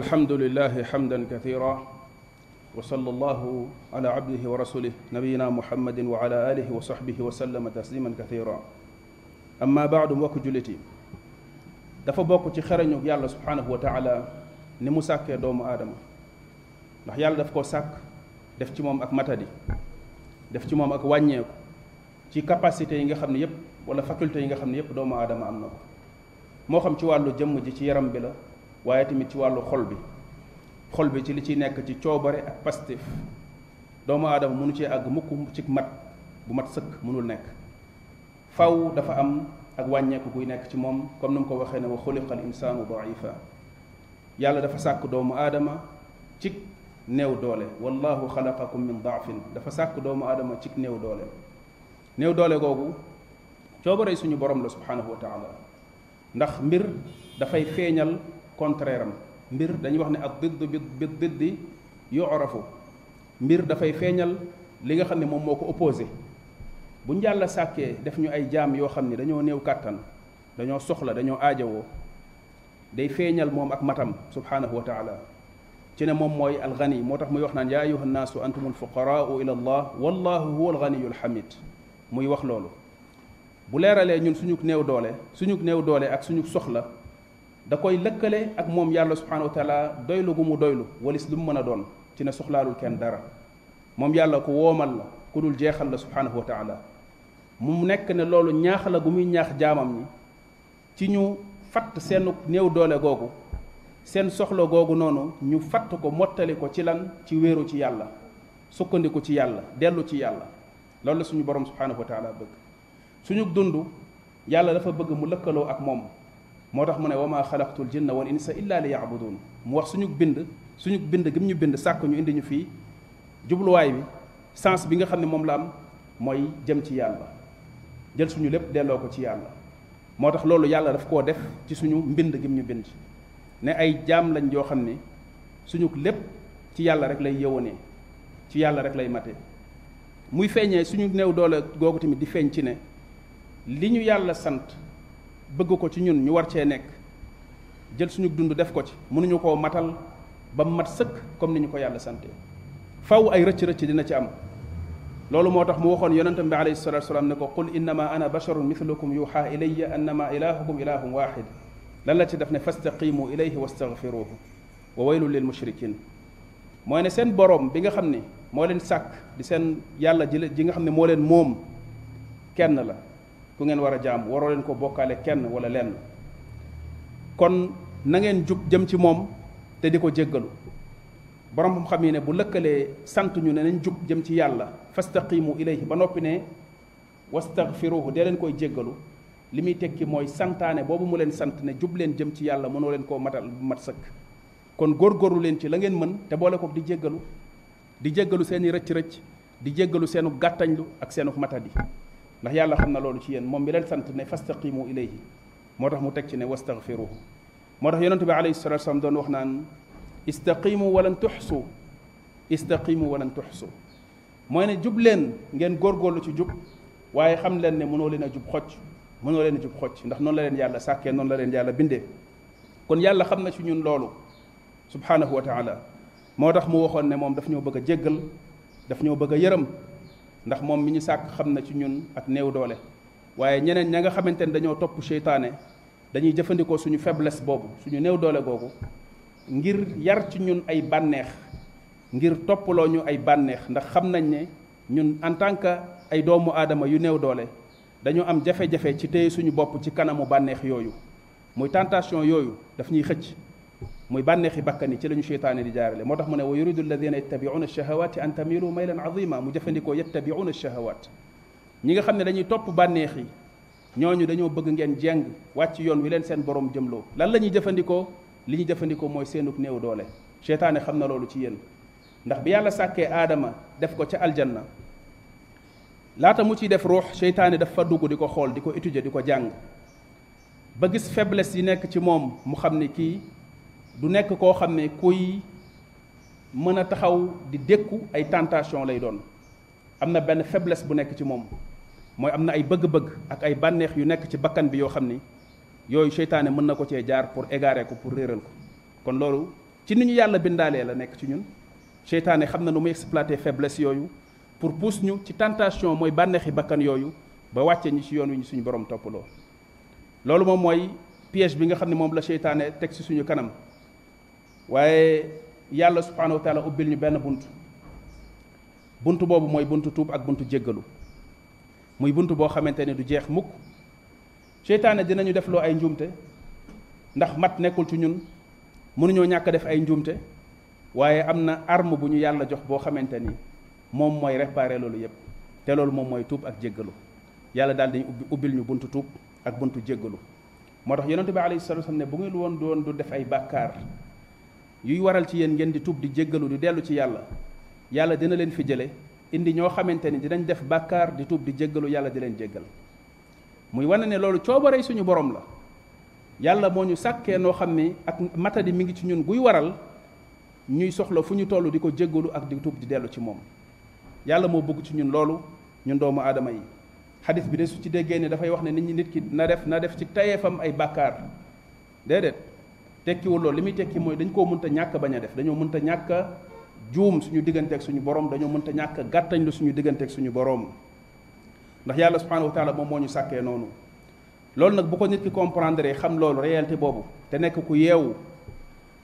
الحمد لله حمدا كثيرا وصلى الله على عبده ورسوله نبينا محمد وعلى اله وصحبه وسلم تسليما كثيرا اما بعد موك جلتي دا فا بوك سي خرنو يالله سبحانه وتعالى ني مساكه دوم ادم نخ يالله داف كو ساك داف سي موم اك متادي داف سي موم اك واغنيكو سي كاباسيتي ييغا خامني ييب ولا فاكولتي ييغا خامني ييب دوم ادم امنا مو خام سي والو جيم جي سي يرام بي لا waaye tamit ci wàllu xol bi xol bi ci li ciy nekk ci coobare ak pastif doomu aadama mënu cee àgg mukk ci mat bu mat sëkk mënul nekk faw dafa am ak wàññeeku guy nekk ci moom comme ni mu ko waxee ne wa xuliqa al insaanu daifa yàlla dafa sàkk doomu aadama ci néew doole wallahu xalaqakum min daafin dafa sàkk doomu aadama ci néew doole néew doole googu coobare suñu borom la subhanahu wa taala ndax mbir dafay feeñal contraire am mbir dañuy wax ne ak didd bi bi diddi mbir dafay feeñal li nga xam ne moom moo ko opposé bu njàlla sàkkee def ñu ay jaam yoo xam ne dañoo néew kàttan dañoo soxla dañoo aajowoo day feeñal moom ak matam subhanahu wa taala ci ne moom mooy alxani moo tax muy wax naan yaa ayuha nnaasu antum alfuqaraau ila allah wallahu huwa alganiyu alxamid muy wax loolu bu leeralee ñun suñu néew doole suñu néew doole ak suñu soxla da koy lëkkale ak moom yàlla subhanahu wa taala doylu gu mu doylu walis lu mu mën a doon ci ne soxlaalul kenn dara moom yàlla ku woomal la ku dul jeexal la subhanahu wa taala mu nekk ne loolu ñaax la gu muy ñaax jaamam ñi ci ñu fatt seen néew doole googu seen soxla googu noonu ñu fatt ko mottali ko ci lan ci wéeru ci yàlla sukkandiku ci yàlla dellu ci yàlla loolu la suñu borom subhanahu wa taala bëgg suñu dund yàlla dafa bëgg mu lëkkaloo ak moom motax tax mu ne wa ma xalaqtu wal insa illa liya'budun mu wax suñu bind suñu bind gëm ñu bind sakku ñu indi ñu fi fii way bi sens bi nga xamne mom la am moy jëm ci yàlla jël suñu lépp delo ko ci yàlla motax lolu yàlla daf ko def ci suñu bind gëm ñu bind ne ay jam lañ jo xamne suñu lépp ci yàlla rek lay yewone ci yàlla rek lay mate muy feeñee suñu new doole googu timi di feñ ci ne liñu yàlla sante bëgg ko ci ñun ñu war cee nekk jël suñu dund def ko ci mënuñu koo matal ba mat sëkk comme ni ñu ko yàlla sante faw ay rëcc rëcc dina ci am loolu moo tax mu waxoon yonentam bi alayhi salatu salaam ne ko qul innama ana basharun mithlukum yuha ilayya annama ilahukum ilahun wahid lan la ci def ne fastaqimu ilayhi wastaghfiruhu wa waylun lil mushrikin mooy ne seen borom bi nga xam ne moo leen sàkk di seen yàlla ji ji nga xam ne moo leen moom kenn la ku ngeen war a jaam waroo leen ko bokkaale kenn wala lenn kon nangeen ngeen jub jëm ci moom te di ko jéggalu borom xam-xam yi ne bu lëkkalee sant ñu ne nañ jub jëm ci yàlla fastaqimu ilayhi ba noppi ne wastaghfiruhu dee leen koy jéggalu li muy tekki mooy santaane boobu mu leen sant ne jub leen jëm ci yàlla mënoo leen koo matal bu mat sëkk kon góorgóorlu leen ci la ngeen mën te boole ko di jéggalu di jéggalu seen i rëcc-rëcc di jéggalu seenu gàttañlu ak seenu matadi ndax yàlla xam na loolu ci yéen moom mi leen sant ne fastaqimu ilayhi moo tax mu teg ci ne wastaghfiruhu moo tax yonente bi alayhi salatu wasalam doon wax naan istaqimu walan tuxsu istaqimu walan tuxsu mooy ne jub leen ngeen góorgóorlu ci jub waaye xam leen ne mënoo leen a jub xocc mënoo leen a jub xocc ndax noonu la leen yàlla sàkkee noonu la leen yàlla bindee kon yàlla xam na ci ñun loolu subhanahu wa taala moo tax mu waxoon ne moom daf ñoo bëgg a jéggal daf ñoo bëgg a yërëm ndax moom mi ñu sàkk xam na ci ñun ak néew doole waaye ñeneen ña nga xamante ne dañoo topp seytaane dañuy jëfandikoo suñu faiblesse boobu suñu néew doole googu ngir yar ci ñun ay bànneex ngir toppaloo ñu ay bànneex ndax xam nañ ne ñun en tant que ay doomu aadama yu néew doole dañoo am jafe-jafe ci tey suñu bopp ci kanamu bànneex yooyu muy tentation yooyu daf ñuy xëcc muy bànneexi bakkan yi ci lañu cheytaane di jaarale moo tax mu ne wa yuridu alladina yattabiuna alchahawaati an tamilu maylan azima mu jëfandikoo yattabiuna alchahawaat ñi nga xam dañuy topp bànneex yi ñooñu bëgg ngeen jeng wàcc yoon wi leen seen borom jëmloo lan la ñuy jëfandikoo li ñu jëfandikoo mooy seenug néew doole cheytaane xam na loolu ci yéen ndax bi yàlla sàkkee aadama def ko ca aljanna laata mu ciy def ruux cheytaane daf fa dugg di ko xool étudier di jàng ba gis faiblesse yi nekk ci moom mu xam ni du nekk koo xam ne kuy mën a taxaw di dékku ay tentation lay doon am na benn faiblesse bu nekk ci moom mooy am na ay bëgg-bëgg ak ay bànneex yu nekk ci bakkan bi yoo xam ni yooyu seytaane mën na ko cee jaar pour égarer ko pour réeral ko kon loolu ci ni ñu yàlla bindaalee la nekk ci ñun seytaane xam na nu muy exploiter faiblesse yooyu pour pousse ñu ci tentation mooy bànneexi bakkan yooyu ba wàcce ñi ci yoon wi ñu suñu borom toppaloo loolu moom mooy piège bi nga xam ne moom la seytaane teg ci suñu kanam waaye yàlla subhaanahu wa taala ubbil ñu benn bunt bunt boobu mooy bunt tuub ak buntu jéggalu muy bunt boo xamante ne du jeex mukk seytaane dinañu def loo ay njuumte ndax mat nekkul ci ñun mënuñoo ñàkk def ay njuumte waaye am na arme bu ñu yàlla jox boo xamante ni moom mooy réparer loolu yépp te loolu moom mooy tuub ak jéggalu yàlla daal dañu ubbi ubbil ñu bunt tuub ak bunt jéggalu moo tax yonente bi alayhi salatu ne bu ngeen woon doon du def ay bàkkaar yuy waral ci yéen ngeen di tub di jéggalu di dellu ci yàlla yàlla dina leen fi jële indi ñoo xamante ni dinañ def bàkkaar di tub di jéggalu yàlla di leen jéggal muy wane ne loolu coobarey suñu borom la yàlla moo ñu sàkkee noo xam ni ak matadi mi ngi ci ñun guy waral ñuy soxla fu ñu toll di ko jéggalu ak di tub di dellu ci moom yàlla moo bëgg ci ñun loolu ñun doomu aadama yi xadis bi de su ci déggee ne dafay wax ne nit ñi nit ki na def na def ci tayeefam ay bàkkaar déedéet tekkiwul loolu li muy tekki mooy dañ koo mënta ñàkk bañ a def dañoo mënta ñàkk juum suñu digganteeg suñu borom dañoo mënta ñàkk a gàttañ lu suñu digganteeg suñu borom ndax yàlla subhanahu wa taala moom moo ñu sàkkee noonu loolu nag bu ko nit ki comprendre xam loolu réalité boobu te nekk ku yeewu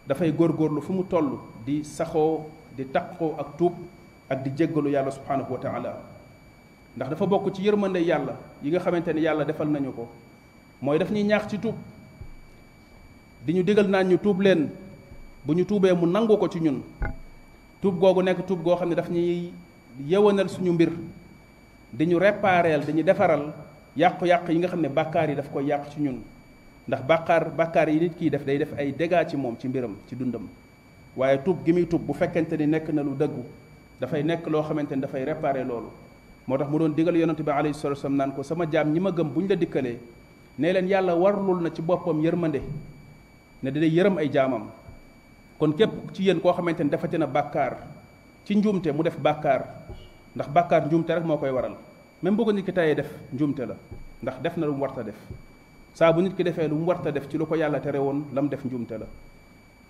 dafay góor góorlu fu mu toll di saxoo di taqoo ak tuub ak di jéggalu yàlla subhanahu wa taala ndax dafa bokk ci yërmande yàlla yi nga xamante ne yàlla defal nañu ko mooy daf ñuy ñaax ci di ñu digal naan ñu tuub leen bu ñu tuubee mu nangu ko ci ñun tuub googu nekk tuub goo xam ne dafa ñuy yewanal suñu mbir di ñu répareel di ñu defaral yàqu-yàq yi nga xam ne bàkkaar yi daf koy yàq ci ñun ndax bàkkaar bàkkaar yi nit kiy def day def ay dégâts ci moom ci mbiram ci dundam waaye tuub gi muy tuub bu fekkente ni nekk na lu dëggu dafay nekk loo xamante ni dafay réparer loolu moo tax mu doon digal yonente bi alayhi salatu wasallam naan ko sama jaam ñi ma gëm bu la dikkalee nee leen yàlla warlul na ci boppam yërmande ne da day yërëm ay jaamam kon képp ci yéen koo xamante ni dafati na bàkkaar ci njuumte mu def bàkkaar ndax bàkkaar njuumte rek moo koy waral même bu ko nit ki tayee def njuumte la ndax def na lu mu warta def saa bu nit ki defee lu mu warta def ci lu ko yàlla tere woon lam def njuumte la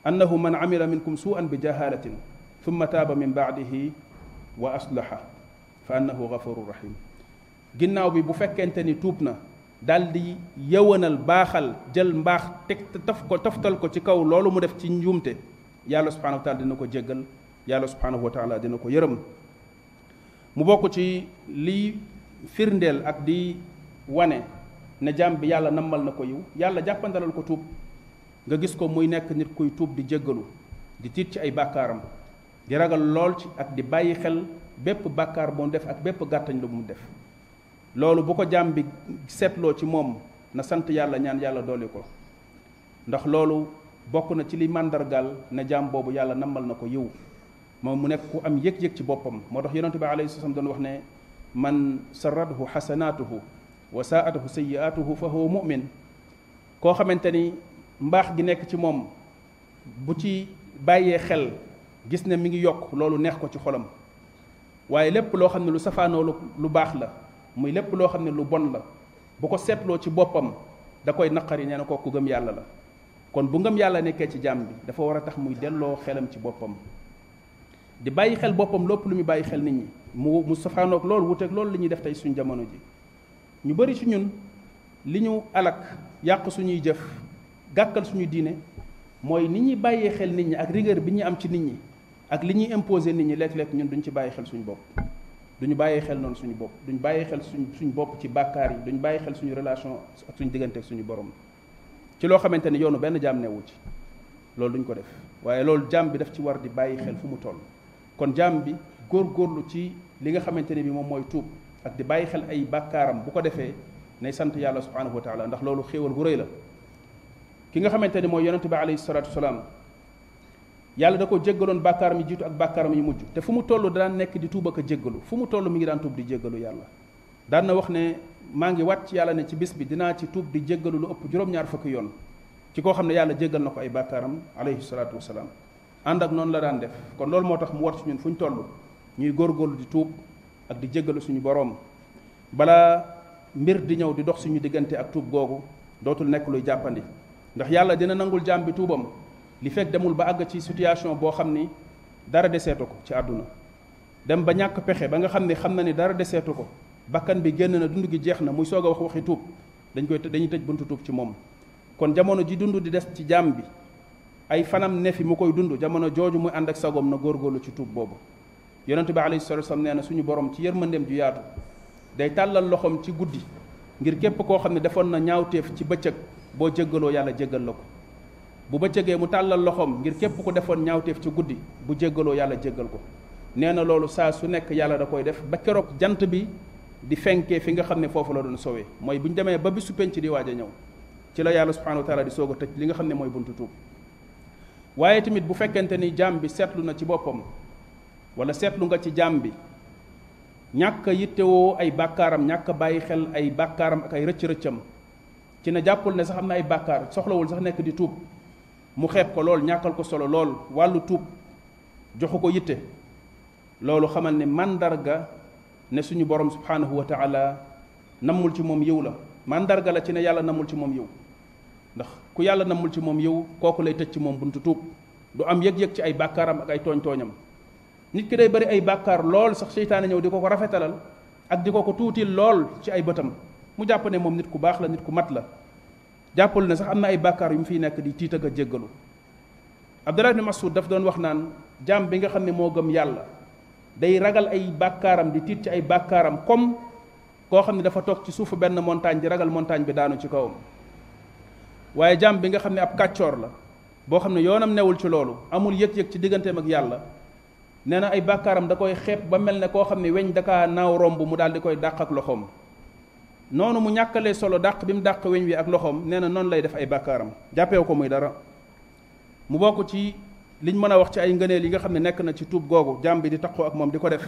annahu man amila minkum su'an bi jahalatin thumma taaba min ba'dihi wa aslaha fa annahu ghafurur rahim ginnaaw bi bu fekkente ni tuub na daal di yëwanal baaxal jël mbaax teg te taf ko toftal ko ci kaw loolu mu def ci njuumte yàlla subhanahu wa dina ko jéggal yàlla subhanahu wa taala dina ko yërëm mu bokk ci liy firndeel ak di wane ne jaam bi yàlla nammal na ko yiw yàlla jàppandalal ko tuub nga gis ko muy nekk nit kuy tuub di jéggalu di tiit ci ay bàkkaaram di ragal lool ci ak di bàyyi xel bépp bàkkaar bu mu def ak bépp gàttañ lu mu def loolu bu ko jàmm bi seetloo ci moom na sant yàlla ñaan yàlla doole ko ndax loolu bokk na ci li màndargal ne jàmm boobu yàlla nammal na ko yiw moom mu nekk ku am yëg-yëg ci boppam moo tax yonente bi alayhi salaam doon wax ne man saradhu hasanatuhu wa saatuhu sayi'aatuhu fa huwa mu'min koo xamante ni mbaax gi nekk ci moom bu ci bàyyee xel gis ne mi ngi yokk loolu neex ko ci xolam waaye lépp loo xam ne lu safaanoo lu baax la muy lépp loo xam ne lu bon la bu ko seetloo ci boppam da koy naqari nee na ku gëm yàlla la kon bu ngëm yàlla nekkee ci jaam bi dafa war a tax muy delloo xelam ci boppam di bàyyi xel boppam lopp lu muy bàyyi xel nit ñi mu mu safaanoog loolu wuteeg loolu li ñuy def tey suñ jamono ji ñu bari ci ñun li ñu alak yàq suñuy jëf gàkkal suñu diine mooy ni ñuy bàyyee xel nit ñi ak rigueur bi ñu am ci nit ñi ak li ñuy imposer nit ñi léeg lekk ñun duñu ci bàyyi xel suñu bopp duñu bàyyi xel noonu suñu bopp duñu bàyyi xel suñ suñu bopp ci bàkkaar yi duñu bàyyi xel suñu relation ak suñu diggante ak suñu borom ci loo xamante ni yoonu benn jaam newu ci loolu duñ ko def waaye loolu jaam bi daf ci war di bàyyi xel fu mu toll kon jaam bi góor góorlu ci li nga xamante ni bi moom mooy tuub ak di bàyyi xel ay bàkkaaram bu ko defee nay sant yàlla subhanahu wa taala ndax loolu xéewal bu rëy la ki nga xamante ni mooy yonente bi alayhi salatu wasalaam yàlla da ko jéggaloon bàkkaaram yi jiitu ak bàkkaaram yi mujj te fu mu toll daan nekk di tuub ak a jéggalu fu mu toll mi ngi daan tuub di jéggalu yàlla daan na wax ne maa ngi wàcc yàlla ne ci bis bi dinaa ci tuub di jéggalu lu ëpp juróom-ñaar fukki yoon ci koo xam ne yàlla jéggal na ko ay bàkkaaram alayhi salaatu wasalaam ànd ak noonu la daan def kon loolu moo tax mu war suñu ñun fu ñu toll ñuy góorgóorlu di tuub ak di jéggalu suñu boroom balaa mbir di ñëw di dox suñu diggante ak tuub googu dootul nekk luy jàppandi ndax yàlla dina nangul jaam bi tuubam li fekk demul ba àgg ci situation boo xam ni dara deseetu ko ci àdduna dem ba ñàkk pexe ba nga xam ne xam na ni dara deseetu ko bakkan bi génn na dund gi jeex na muy soog a wax waxi tuub dañ koy dañuy tëj buntu tuub ci moom kon jamono ji dund di des ci jaam bi ay fanam ne fi mu koy dund jamono jooju muy ànd ak sagoom na góor góorlu ci tuub boobu yonente bi alayhi salatu wasallam nee na suñu borom ci yërmandeem ju yaatu day tàllal loxoom ci guddi ngir képp koo xam ne defoon na ñaawteef ci bëccëg boo jéggaloo yàlla jéggal bu bëccëgee mu tàllal loxoom ngir képp ko defoon ñaawteef ci guddi bu jéggaloo yàlla jéggal ko nee na loolu saa su nekk yàlla da koy def ba keroog jant bi di fenkee fi nga xam ne foofu la doon soowee mooy bu ñu demee ba bisu penc di waaja ñëw ci la yàlla subhanahu wa taala di soog a tëj li nga xam ne mooy buntu tuub waaye tamit bu fekkente ni jaam bi seetlu na ci boppam wala seetlu nga ci jaam bi ñàkk a yittewoo ay bàkkaaram ñàkk bàyyi xel ay bàkkaaram ak ay rëcc-rëccam ci na jàppul ne sax am na ay bàkkaar soxlawul sax nekk di tuub mu xeeb ko lool ñàkkal ko solo lool wàllu tuub joxu ko yitte loolu xamal ne mandarga ne suñu borom subhanahu wa taala namul ci moom yiw la mandarga la ci ne yàlla namul ci moom yiw ndax ku yàlla namul ci moom yiw kooku lay tëj ci moom buntu tuub du am yëg-yëg ci ay bàkkaaram ak ay tooñ-tooñam nit ki day bari ay bàkkaar lool sax seytaane ñëw di ko ko rafetalal ak di ko ko tuutil lool ci ay bëtam mu jàpp ne moom nit ku baax la nit ku mat la jàppal ne sax am na ay bàkkaar yu mu fiy nekk di tiit ak a jéggalu Abdullah ibn Mas'ud daf doon wax naan jaam bi nga xam ne moo gëm yàlla day ragal ay bàkkaaram di tiit ci ay bàkkaaram comme koo xam ne dafa toog ci suufu benn montagne di ragal montagne bi daanu ci kawam waaye jaam bi nga xam ne ab kàccoor la boo xam ne yoonam newul ci loolu amul yëg-yëg ci digganteem ak yàlla nee na ay bàkkaaram da koy xeeb ba mel ne koo xam ne weñ dakaa naaw romb mu daal di koy dàq ak loxoom noonu mu ñàkkalee solo dàq bi mu dàq weñ wi ak loxoom nee na noonu lay def ay bàkkaaram jàppeew ko muy dara mu bokk ci liñ mën a wax ci ay ngëneel yi nga xam ne nekk na ci tuub googu jaam bi di taqoo ak moom di ko def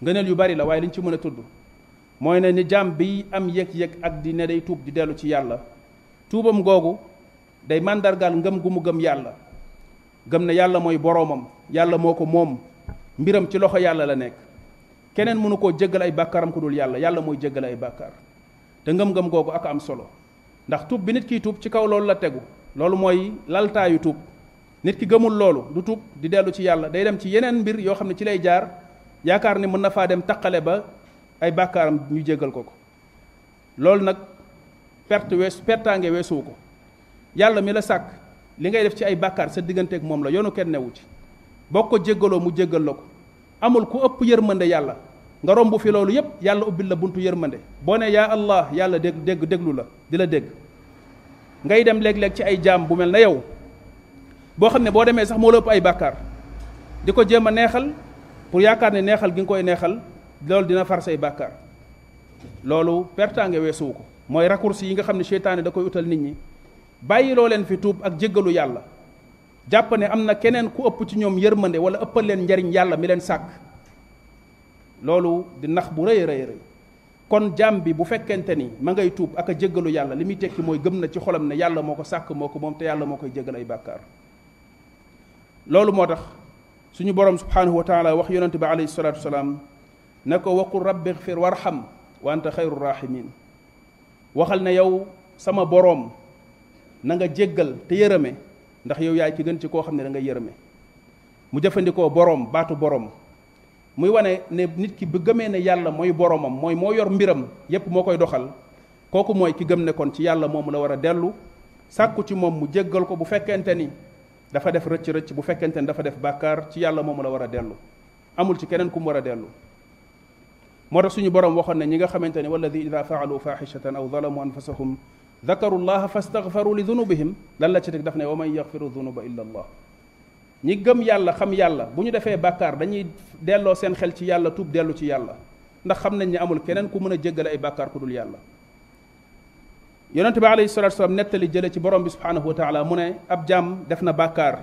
ngëneel yu bari la waaye liñ ci mën a tudd mooy ne ni jaam bi am yéeg yëg ak di ne day tuub di dellu ci yàlla tuubam googu day màndargaal ngëm gu mu gëm yàlla gëm ne yàlla mooy boroomam yàlla moo ko moom mbiram ci loxo yàlla la nekk keneen mënu koo jéggal ay bàkkaaram ku dul yàlla yàlla mooy jéggal ay bàkkaar te ngëm-ngëm googu ak am solo ndax tuub bi nit kiy tub ci kaw loolu la tegu loolu mooy laltaayu tuub nit ki gëmul loolu du tuub di dellu ci yàlla day dem ci yeneen mbir yoo xam ne ci lay jaar yaakaar ni mën na faa dem taqale ba ay bàkkaaram ñu jéggal ko ko loolu nag perte weesu pertaange weesuwu ko yàlla mi la sàkk li ngay def ci ay bàkkaar sa digganteeg moom la yoonu kenn newu ci boo ko jéggaloo mu jéggal amul ku ëpp yërmande yàlla nga rombu fi loolu yépp yàlla ubbil la buntu yërmande boo ne allah yàlla deg deg déglu la di deg. dégg ngay dem léeg-léeg ci ay jaam bu mel na yow boo xam ne boo demee sax moo la ay bàkkaar di ko jéem a neexal pour yaakaar ne neexal gi nga koy neexal loolu dina far say bàkkaar loolu pertange weesuwu ko mooy raccourci yi nga xam ne cheytaane da koy utal nit ñi bàyyiloo leen fi tuub ak jéggalu yàlla jàpp ne am na keneen ku ëpp ci ñoom yërmande wala ëppal leen njariñ yàlla mi leen sàkk loolu di nax bu rëy rëy rëy kon jaam bi bu fekkente ni ma ngay tuub ak a jéggalu yàlla li muy tekki mooy gëm na ci xolam ne yàlla moo ko sàkk moo ko moom te yàlla moo koy jéggal ay bàkkaar loolu moo tax suñu borom subhanahu wa taala wax yonente bi alayhi salatu wasalaam ne ko waqul rabbi xfir warxam wa anta xayru rahimin waxal ne yow sama boroom na nga jéggal te yërëme ndax yow yaay ki gën ci koo xam ne da nga yërëme mu jëfandikoo boroom baatu boroom muy wane ne nit ki bu gëmee ne yàlla mooy boroomam mooy moo yor mbiram yépp moo koy doxal kooku mooy ki gëm ne kon ci yàlla moomu la war a dellu sàkku ci moom mu jéggal ko bu fekkente ni dafa def rëcc rëcc bu fekkente ni dafa def bàkkaar ci yàlla moomu la war a dellu amul ci keneen ku mu war a dellu moo tax suñu boroom waxoon ne ñi nga xamante ne walladi ida faalu faaxishatan aw zalamu anfusahum dakaru llaha fastaghfaru li dunubihim lan la ci teg daf ne wa man ñi gëm yàlla xam yàlla bu ñu defee bàkkaar dañuy delloo seen xel ci yàlla tuub dellu ci yàlla ndax xam nañ ne amul keneen ku mën a jéggale ay bàkkaar ku dul yàlla yonente bi alayhi salatu wasalam nettali jële ci borom bi subhanahu wa taala mu ne ab jaam def na bàkkaar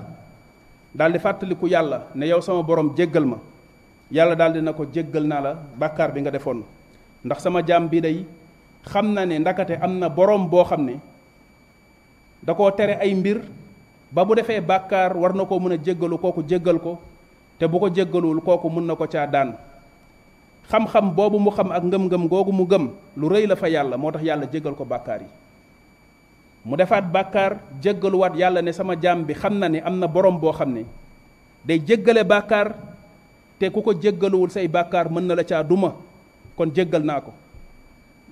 daal di fàttaliku yàlla ne yow sama borom jéggal ma yàlla daal di na ko jéggal naa la bàkkaar bi nga defoon ndax sama jaam bi day xam na ne ndakate am na boroom boo xam ne da koo tere ay mbir ba mu defee bàkkaar war na koo mën a jéggalu kooku jéggal ko te bu ko jéggaluwul kooku mën na ko caa daan xam-xam boobu mu xam ak ngëm-ngëm googu mu gëm lu réy la fa yàlla moo tax yàlla jéggal ko bàkkaar yi mu defaat bàkkaar jéggaluwaat yàlla ne sama jaam bi xam na ni am na boroom boo xam ne day jéggale bàkkaar te ku ko jéggaluwul say bàkkaar mën na la caa duma kon jéggal naa ko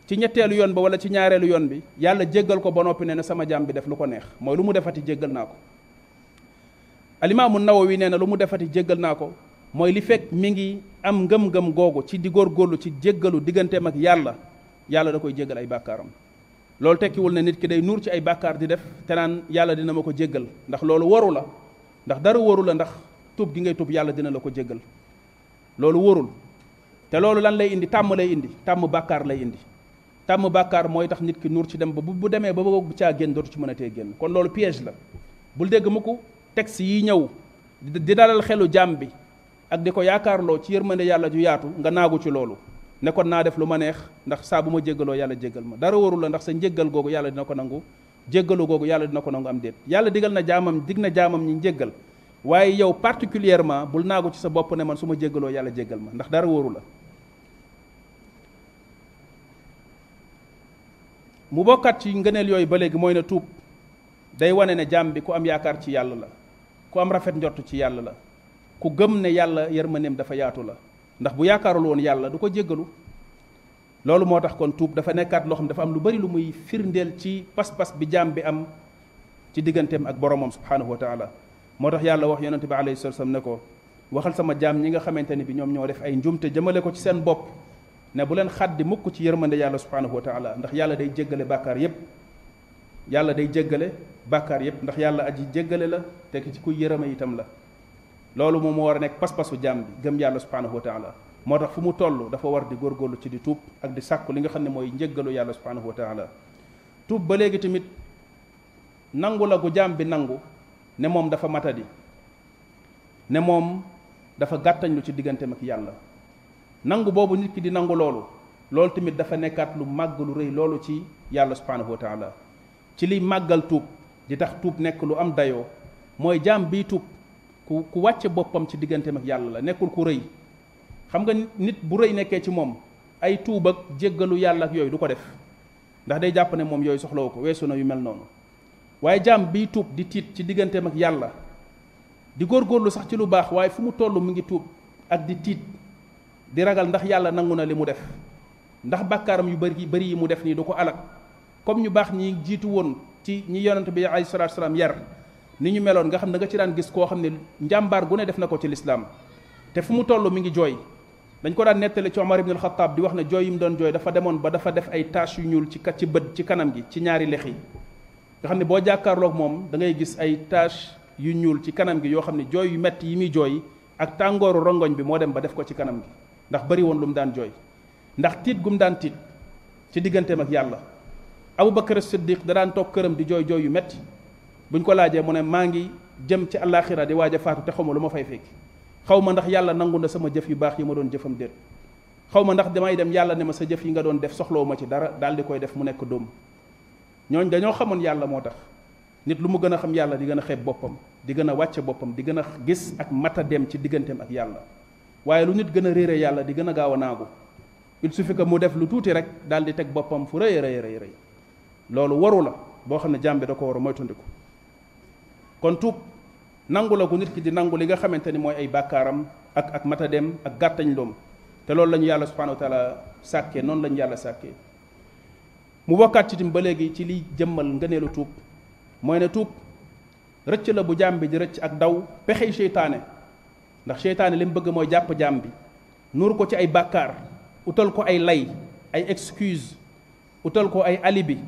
ci ñetteelu yoon ba wala ci ñaareelu yoon bi yàlla jéggal ko ba noppi ne na sama jaam bi def lu ko neex mooy lu mu defati jéggal naa ko alimaamu wi nee na lu mu defati jéggal naa ko mooy li fekk mi ngi am ngëm-ngëm googu ci di góor góorlu ci jéggalu digganteem mag yàlla yàlla da koy jéggal ay bàkkaaram loolu tekkiwul ne nit ki day nuur ci ay bàkkaar di def te naan yàlla dina ma ko jéggal ndax loolu waru la ndax dara waru la ndax tuub gi ngay tub yàlla dina la ko jéggal loolu warul te loolu lan lay indi tàmm lay indi tàmm bàkkaar lay indi tàmm bàkkaar mooy tax nit ki nuur ci dem ba bu bu demee ba bëgg caa génn dootu ci mën a tee génn kon loolu piège la bul dégg mu ko texte yi ñëw di dalal xelu jaam bi ak di ko yaakaar yaakaarloo ci yërmande yàlla ju yaatu nga naagu ci loolu nekkoon naa def lu ma neex ndax saa bu ma jéggaloo yàlla jéggal ma dara warul la ndax sa njéggal googu yàlla dina ko nangu jéggalu googu yàlla dina ko nangu am déet yàlla digal na jaamam dig na jaamam ñi njéggal waaye yow particulièrement bul naagu ci sa bopp ne man su ma jéggaloo yàlla jéggal ma ndax dara wóoru la mu bokkat ci ngëneel yooyu ba léegi mooy ne tuub day wane ne jaam bi ku am yaakaar ci yàlla la ku am rafet njott ci yàlla la ku gëm ne yàlla yërmaneem dafa yaatu la ndax bu yaakaarul woon yàlla du ko jéggalu loolu moo tax kon tuub dafa nekkaat loo xam dafa am lu bari lu muy firndeel ci pas-pas bi jaam bi am ci digganteem ak boromam subhaanahu wa taala moo tax yàlla wax yonente bi alayhi salaam ne ko waxal sama jaam ñi nga xamante ne bi ñoom ñoo def ay njumte jëmale ko ci seen bopp ne bu leen di mukk ci yërmande yàlla subhanahu wa ndax yàlla day jéggale bàkkaar yépp yàlla day jéggale bàkkaar yépp ndax yàlla aji jéggale la te ci kuy yërëme itam la loolu moom moo war a nekk pas-pasu jaam bi gëm yàlla subhanahu wa taala moo tax fu mu toll dafa war di góor góorgóorlu ci di tuub ak di sàkku li nga xam ne mooy njëggalu yàlla subhanahu wa taala tuub ba léegi tamit nangu la gu jaam bi nangu ne moom dafa matadi ne moom dafa gàttañ lu ci digganteem ak yàlla nangu boobu nit ki di nangu loolu loolu tamit dafa nekkaat lu màgg lu rëy loolu ci yàlla subhanahu wa ci liy màggal tuub di tax tuub nekk lu am dayoo mooy jaam bii tuub ku ku wàcce boppam ci digganteem ak yàlla la nekkul ku rëy xam nga nit bu rëy nekkee ci moom ay tuub ak jéggalu yàlla ak yooyu du ko def ndax day jàpp ne moom yooyu soxlawu ko weesu na yu mel noonu waaye jaam bii tuub di tiit ci digganteem ak yàlla di góor góorlu sax ci lu baax waaye fu mu toll mu ngi tuub ak di tiit di ragal ndax yàlla nangu na li mu def ndax bàkkaaram yu bëri bëri yi mu def nii du ko alak comme ñu baax ñii jiitu woon ci ñi yonent bi ay salaatu salaam yar ni ñu meloon nga xam ne danga ci daan gis koo xam ne njàmbaar gu ne def na ko ci lislaam te fu mu toll mu ngi jooy dañ ko daan nettali ci Omar ibn al-Khattab di wax ne jooy yi mu doon jooy dafa demoon ba dafa def ay taches yu ñuul ci kat ci bët ci kanam gi ci ñaari lex yi nga xam ne boo jàkkaarloog moom da ngay gis ay taches yu ñuul ci kanam gi yoo xam ne jooy yu metti yi muy jooy ak tàngooru rongoñ bi moo dem ba def ko ci kanam gi ndax bari won lum daan joy ndax tit gum daan tit ci digënté mak yàlla abou abubakar siddiq da daan tok kërëm di joy joy yu metti buñ ko laajé mu ne maa ngi jëm ci al-akhirah di waja faatu te xawma luma fay fek xawma ndax yàlla nangu na sama jëf yu baax yi ma doon jëfam déet xawma ndax damay dem yàlla ne ma sa jëf yi nga doon def soxlawu ma ci dara dal di koy def mu nekk dom ñoñ dañoo xamone yàlla moo tax nit lu mu gëna xam yàlla di gëna xeb bopam di gëna wàcce bopam di gëna gis ak mata dem ci digëntem ak yàlla waaye lu nit gën a réere yàlla di gën a gaaw a naagu su suffit que mu def lu tuuti rek daal di teg boppam fu rëy rëy rëy rëy loolu waru la boo xam ne jàmbi da ko war a kon tuub nangu la ko nit ki di nangu li nga xamante ni mooy ay bàkkaaram ak ak matadeem ak gàttañ loom te loolu la yàlla subhanahu wa taala sàkkee noonu la yàlla sàkke mu bokkaat ci tim ba léegi ci liy jëmmal ngëneelu tuub mooy ne tuub rëcc la bu jàmbi di rëcc ak daw pexey seytaane ndax seytaane lim bëgg mooy jàpp jaam bi nuur ko ci ay bàkkaar utal ko ay lay ay excuse utal ko ay alibi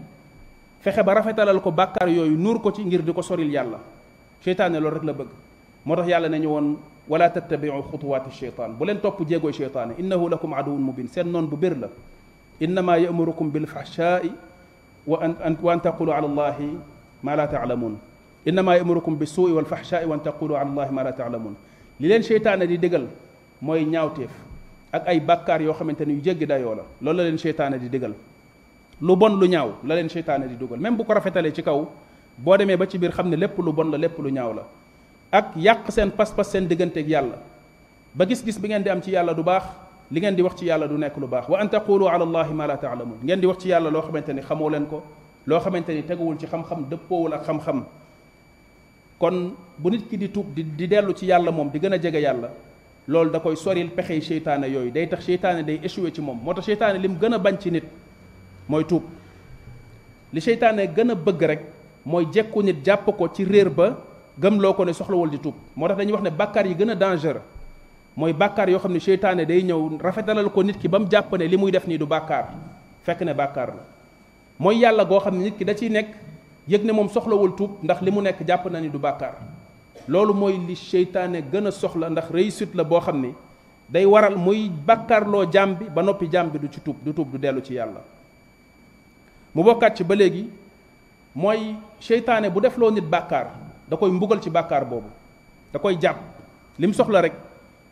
fexe ba rafetalal ko bàkkaar yooyu nuur ko ci ngir di ko soril yàlla seytaane loolu rek la bëgg moo tax yàlla nañu woon wala tattabiu xutuwaati cheytaan bu leen topp jéegooy cheytaane innahu lakum aduwun mubin seen noon bu bér la innama yamurukum bil bilfahshaai wa an wa an taqulu ala allahi ma la ta'lamun innama yamurukum bis wal walfahshaai wa an taqulu ala allahi ma la taalamun li leen seytaane di digal mooy ñaawteef ak ay bàkkaar yoo xamante ni yu jéggi dayoo la loolu la leen seytaane di digal lu bon lu ñaaw la leen seytaane di dugal même bu ko rafetalee ci kaw boo demee ba ci biir xam ne lépp lu bon la lépp lu ñaaw la ak yàq seen pas-pas seen digganteeg yàlla ba gis-gis bi ngeen di am ci yàlla du baax li ngeen di wax ci yàlla du nekk lu baax wa an taqulu ala allahi ma la taalamun ngeen di wax ci yàlla loo xamante ni xamoo leen ko loo xamante ni teguwul ci xam-xam dëppoowul ak xam-xam kon bu nit ki di tuub di di dellu ci yàlla moom di gën a jege yàlla loolu da koy soril pexey seytaane yooyu day tax seytaane day échoué ci moom moo tax seytaane li mu gën a bañ ci nit mooy tuub li seytaane gën a bëgg rek mooy jekku nit jàpp ko ci réer ba gëmloo ko ne soxlawul di tuub moo tax dañuy wax ne bàkkaar yi gën a danger mooy bàkkaar yoo xam ne seytaane day ñëw rafetalal ko nit ki ba mu jàpp ne li muy def nii du bàkkaar fekk ne bàkkaar la mooy xam nit ki da ciy nekk yëg ne moom soxlawul tuub ndax li mu nekk jàpp na ni du bàkkaar loolu mooy li seytaane gën a soxla ndax réussite la boo xam ni day waral muy bàkkaarloo jaam bi ba noppi jaam bi du ci tuub du tuub du dellu ci yàlla mu bokkaat ci ba léegi mooy seytaane bu defloo nit bàkkaar da koy mbugal ci bàkkaar boobu da koy jàpp li mu soxla rek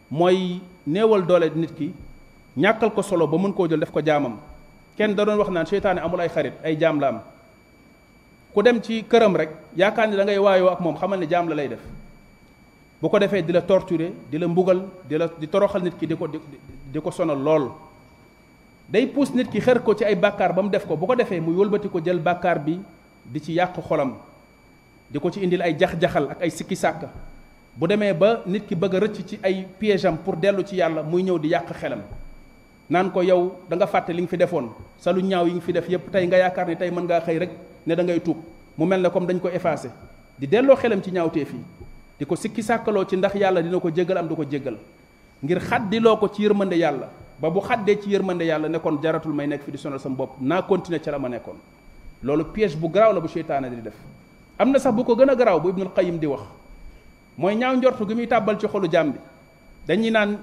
mooy néewal doole nit ki ñàkkal ko solo ba mën koo jël def ko jaamam kenn da doon wax naan seytaane amul ay xarit ay jaam la am ku dem ci kërëm rek yaakaar ni da ngay waayoo ak moom xamal ni jaam la lay def bu ko defee di la torturer di la mbugal di la di toroxal nit ki di ko di ko sonal lool day pousse nit ki xër ko ci ay bàkkaar ba mu def ko bu ko defee mu yólbati ko jël bàkkaar bi di ci yàq xolam di ko ci indil ay jax-jaxal ak ay sikki sàkk bu demee ba nit ki bëgg a rëcc ci ay piège am pour dellu ci yàlla muy ñëw di yàq xelam naan ko yow da nga fàtte li nga fi defoon sa lu ñaaw yi nga fi def yépp tey nga yaakaar ni tey mën ngaa xëy rek ne da ngay tuub mu mel ne comme dañ ko effacer di delloo xelam ci ñaawteef yi di ko sikki sàkkaloo ci ndax yàlla dina ko jéggal am du ko jéggal ngir xaddiloo ko ci yërmande yàlla ba bu xaddee ci yërmande yàlla ne kon jaratul may nekk fi di sonal sam bopp naa continuer ci la ma nekkoon loolu piège bu garaaw la bu seytaane di def am na sax bu ko gën a garaaw bu ibnul qayim di wax mooy ñaaw njortu gi muy tàbbal ci xolu jàmbi bi dañuy naan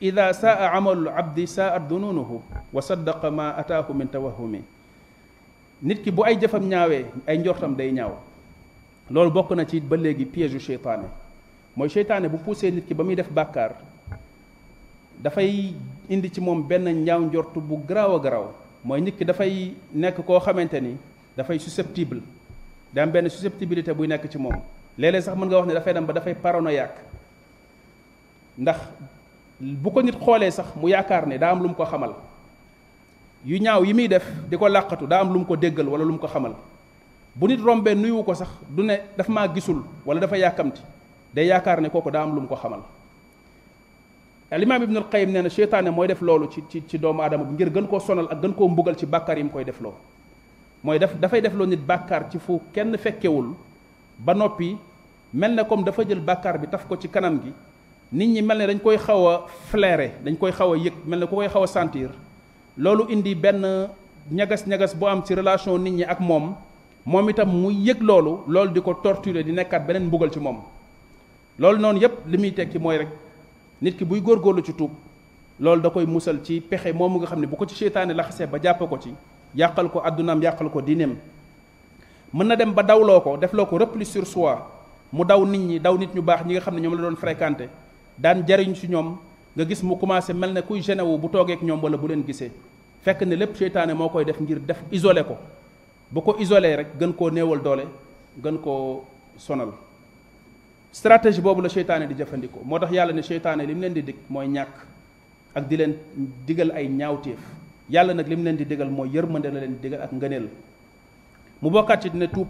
ida saa amalu abdi saat dununuhu wa saddaqa ma ataahu min tawahumi nit ki bu ay jëfam ñaawee ay njortam day ñaaw loolu bokk na ci ba léegi piège u cheytaane mooy cheytaane bu poussé nit ki ba muy def bàkkaar dafay indi ci moom benn ñaaw njort bu garaaw a garaaw mooy nit ki dafay nekk koo xamante ni dafay susceptible day am benn susceptibilité buy nekk ci moom léeg-léeg sax mën nga wax ne dafay dem ba dafay paranoïaque ndax bu ko nit xoolee sax mu yaakaar ne daa am lu mu ko xamal yu ñaaw yi muy def di ko làqatu daa am lu mu ko déggal wala lu mu ko xamal bu nit rombee nuyu ko sax du ne daf ma gisul wala dafa yàkkamti day yaakaar ne kooku daa am lu mu ko xamal alimaam ibnul qayim nee na seytaane mooy def loolu ci ci ci doomu aadama bi ngir gën koo sonal ak gën koo mbugal ci bàkkaar yi mu koy def loo mooy def dafay def loo nit bàkkaar ci fu kenn fekkewul ba noppi mel ne comme dafa jël bàkkaar bi taf ko ci kanam gi nit ñi mel ne dañ koy xaw a flairer dañ koy xaw a yëg mel ne ku xaw a sentir loolu indi benn ñagas-ñagas bu am ci relation nit ñi ak moom moom itam muy yëg loolu loolu di ko torturer di nekkaat beneen mbugal ci moom loolu noonu yépp li muy tekki mooy rek nit ki buy góor góorlu ci tuub loolu da koy musal ci pexe moomu nga xam ne bu ko ci seytaane laxasee ba jàpp ko ci yàqal ko addunaam yàqal ko diineem mën na dem ba dawloo ko defloo ko repli sur soi mu daw nit ñi daw nit ñu baax ñi nga xam ne ñoom la doon fréquenté daan jariñ ci ñoom nga gis mu commencé mel ne kuy genewu bu toogeek ñoom wala bu leen gisee fekk ne lépp seytaane moo koy def ngir def isolé ko bu ko isolé rek gën koo néewal doole gën koo sonal stratégie boobu la seytaane di jëfandikoo moo tax yàlla ne seytaane li mu leen di dig mooy ñàkk ak di leen digal ay ñaawteef yàlla nag li mu leen di digal mooy yër yërmande la leen di ak ngëneel mu bokkat ci dina tuub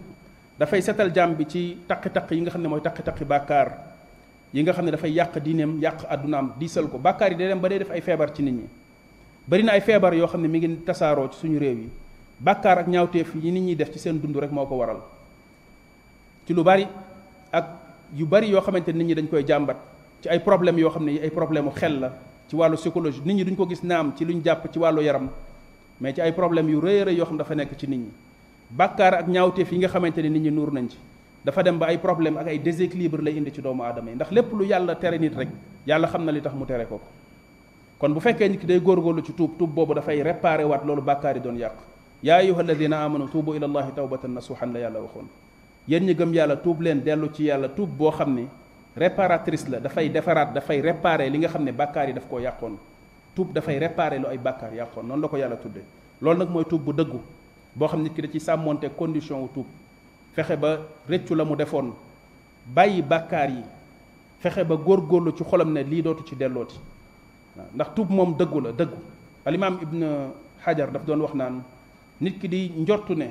dafay setal jàmm bi ci taqi-taq yi nga xam ne mooy taqi-taqi bàkkaar yi nga xam ne dafay yàq diineem yàq addunaam diisal ko bàkkaar yi day dem ba day def ay feebar ci nit ñi bari na ay feebar yoo xam ne mi ngi tasaaroo ci suñu réew yi bàkkaar ak ñaawteef yi nit ñi def ci seen dund rek moo ko waral ci lu bari ak yu bari yoo xamante nit ñi dañ koy jàmbat ci ay problème yoo xam ne ay problème mu xel la ci wàllu psychologie nit ñi duñ ko gis naam ci luñ jàpp ci wàllu yaram mais ci ay problème yu rëy rëy yoo xam ne dafa nekk ci nit ñi bàkkaar ak ñaawteef yi nga xamante ne nit ñi nuur nañ ci dafa dem ba ay problème ak ay déséquilibre lay indi ci doomu aadama yi ndax lépp lu yàlla tere nit rek yàlla xam na li tax mu tere ko kon bu fekkee nit ki day góorgóorlu ci tuub tuub boobu dafay réparé waat loolu bàkkaar yi doon yàq yaa ayuha alladina amanu tuubu ila allahi tawbatan nasuhan la yàlla waxoon yéen ñi gëm yàlla tuub leen dellu ci yàlla tuub boo xam ni réparatrice la dafay defaraat dafay réparé li nga xam ne bàkkaar yi daf koo yàqoon tuub dafay réparé lu ay bàkkaar yàqoon noonu la ko yàlla tuddee loolu nag mooy tuub bu dëggu boo xam nit ki da ci sàmmonte condition wu tuub fexe ba rëccu la mu defoon bàyyi bàkkaar yi fexe ba góorgóorlu ci xolam ne lii dootu ci dellooti ndax tuub moom dëggu la dëggu alimaam ibn xajar daf doon wax naan nit ki di njortu ne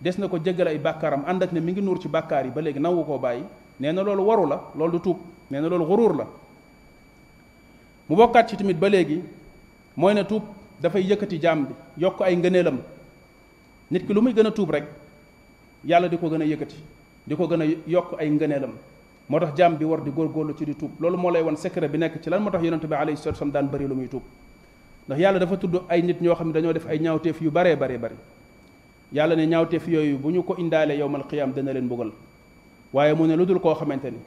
des na ko jéggal ay bàkkaaram ànd ak ne mi ngi nuur ci bàkkaar yi ba léegi nangu koo bàyyi nee na loolu waru la loolu du tuub nee na loolu xuruur la mu bokkaat ci tamit ba léegi mooy ne tuub dafay yëkkati jaam bi yokk ay ngëneelam nit ki lu muy gën a tuub rek yàlla di ko gën a yëkkati di ko gën a yokk ay ngëneelam moo tax jaam bi war di góorgóorlu ci di tuub loolu moo lay won secret bi nekk ci lan moo tax yonente bi alayhi salatu wasallam daan bëri lu muy tuub ndax yàlla dafa tudd ay nit ñoo xam ne dañoo def ay ñaawteef yu bare bare bare yàlla ne ñaawteef yooyu bu ñu ko indaale yowmal qiyaam dana leen bugal waaye mu ne lu dul koo xamante ni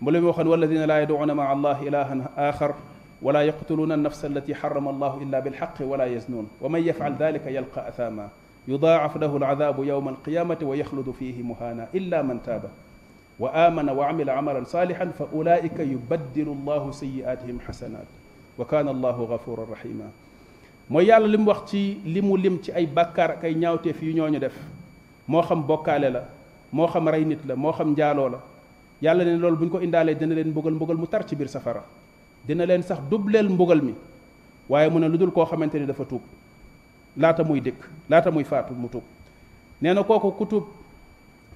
mu li mu waxoon walladina laa yaduuna maa allah ilahan axar wala yaqtuluuna annafsa allati xarama allahu illa bilxaqi wala yasnuun wa man yafal dalika yalqa athama يضاعف له العذاب يوم القيامة ويخلد فيه مهانا إلا من تاب وآمن وعمل عملا صالحا فأولئك يبدل الله سيئاتهم حسنات وكان الله غفورا رحيما مو يالا لم وقتي لم لم تي اي بكار كاي في نيو نيو ديف خم بوكال لا مو خم راي نيت لا خم جالو لا يالا ني لول بونكو اندالي دنا لين بوغل بوغل مو بير سفارا دنا لين ساخ دوبلل مبوغل مي واي مون لودول كو خامتاني دا فا laata muy dëkk laata muy faatu mu tuub nee na kooku ku tuub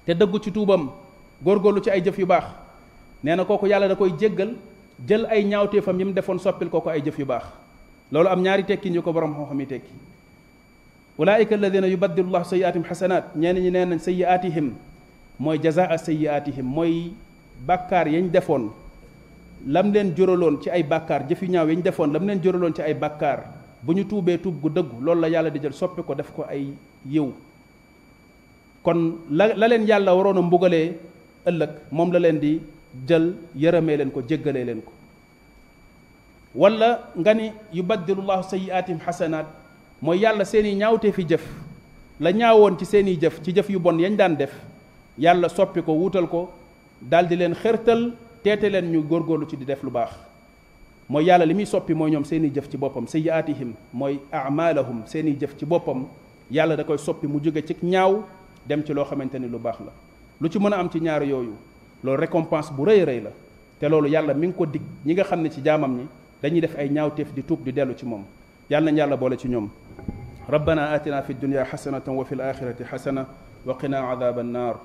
te dëggu ci tuubam góorgóorlu ci ay jëf yu baax nee na kooku yàlla da koy jéggal jël ay ñaawteefam yi mu defoon soppil kooku ay jëf yu baax loolu am ñaari tekki ñu ko borom xam-xam yi tekki ulaika alladina yubaddilu llahu sayiatihim hasanat ñeen ñi nee nañ sayiatihim mooy jazaa sayiatihim mooy bàkkaar yañ defoon lam leen juraloon ci ay bàkkaar jëf yu ñaaw yañ defoon lam leen juraloon ci ay bàkkaar bu ñu tuubee tuub gu dëggu loolu la yàlla di jël soppi ko def ko ay yiw kon la la leen yàlla waroon a mbugalee ëllëg moom la leen di jël yërëmee leen ko jéggalee leen ko wala nga ni yubaddilullahu sayyiaatim xasanaat mooy yàlla seeni ñaawtee fi jëf la ñaawoon ci seeni jëf ci jëf yu bon yañ daan def yàlla soppi ko wuutal ko daldi leen xërtal teete leen ñu góor góorgóorlu ci di def lu baax moy yàlla limi soppi moy ñom seeni jëf ci bopam sayiatihim moy amalahum seeni jëf ci bopam yàlla da koy soppi mu jóge ci ñaaw dem ci lo xamanteni lu bax la lu ci mëna am ci ñaar yoyu lo récompense bu reey reey la te lolu yàlla mi ngi ko dig ñi nga xamne ci jaamam ñi dañuy def ay ñaawteef di tuub di delu ci mom yàlla nañ yàlla boole ci ñom ربنا آتنا في الدنيا حسنة وفي الآخرة حسنة وقنا عذاب النار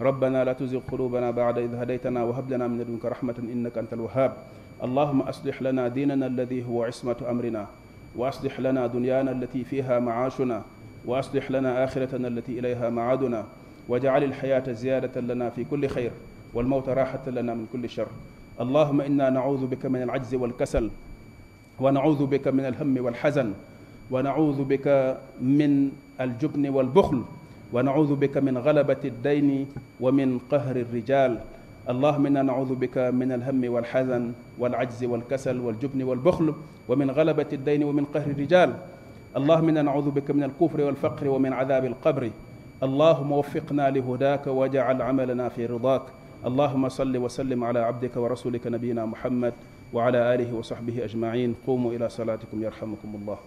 ربنا لا تزغ قلوبنا بعد إذ هديتنا وهب لنا من لدنك رحمة إنك أنت الوهاب اللهم أصلح لنا ديننا الذي هو عصمة أمرنا وأصلح لنا دنيانا التي فيها معاشنا وأصلح لنا آخرتنا التي إليها معادنا واجعل الحياة زيادة لنا في كل خير والموت راحة لنا من كل شر اللهم إنا نعوذ بك من العجز والكسل ونعوذ بك من الهم والحزن ونعوذ بك من الجبن والبخل ونعوذ بك من غلبة الدين ومن قهر الرجال اللهم إنا نعوذ بك من الهم والحزن والعجز والكسل والجبن والبخل ومن غلبة الدين ومن قهر الرجال اللهم إنا نعوذ بك من الكفر والفقر ومن عذاب القبر اللهم وفقنا لهداك واجعل عملنا في رضاك اللهم صل وسلم على عبدك ورسولك نبينا محمد وعلى آله وصحبه أجمعين قوموا إلى صلاتكم يرحمكم الله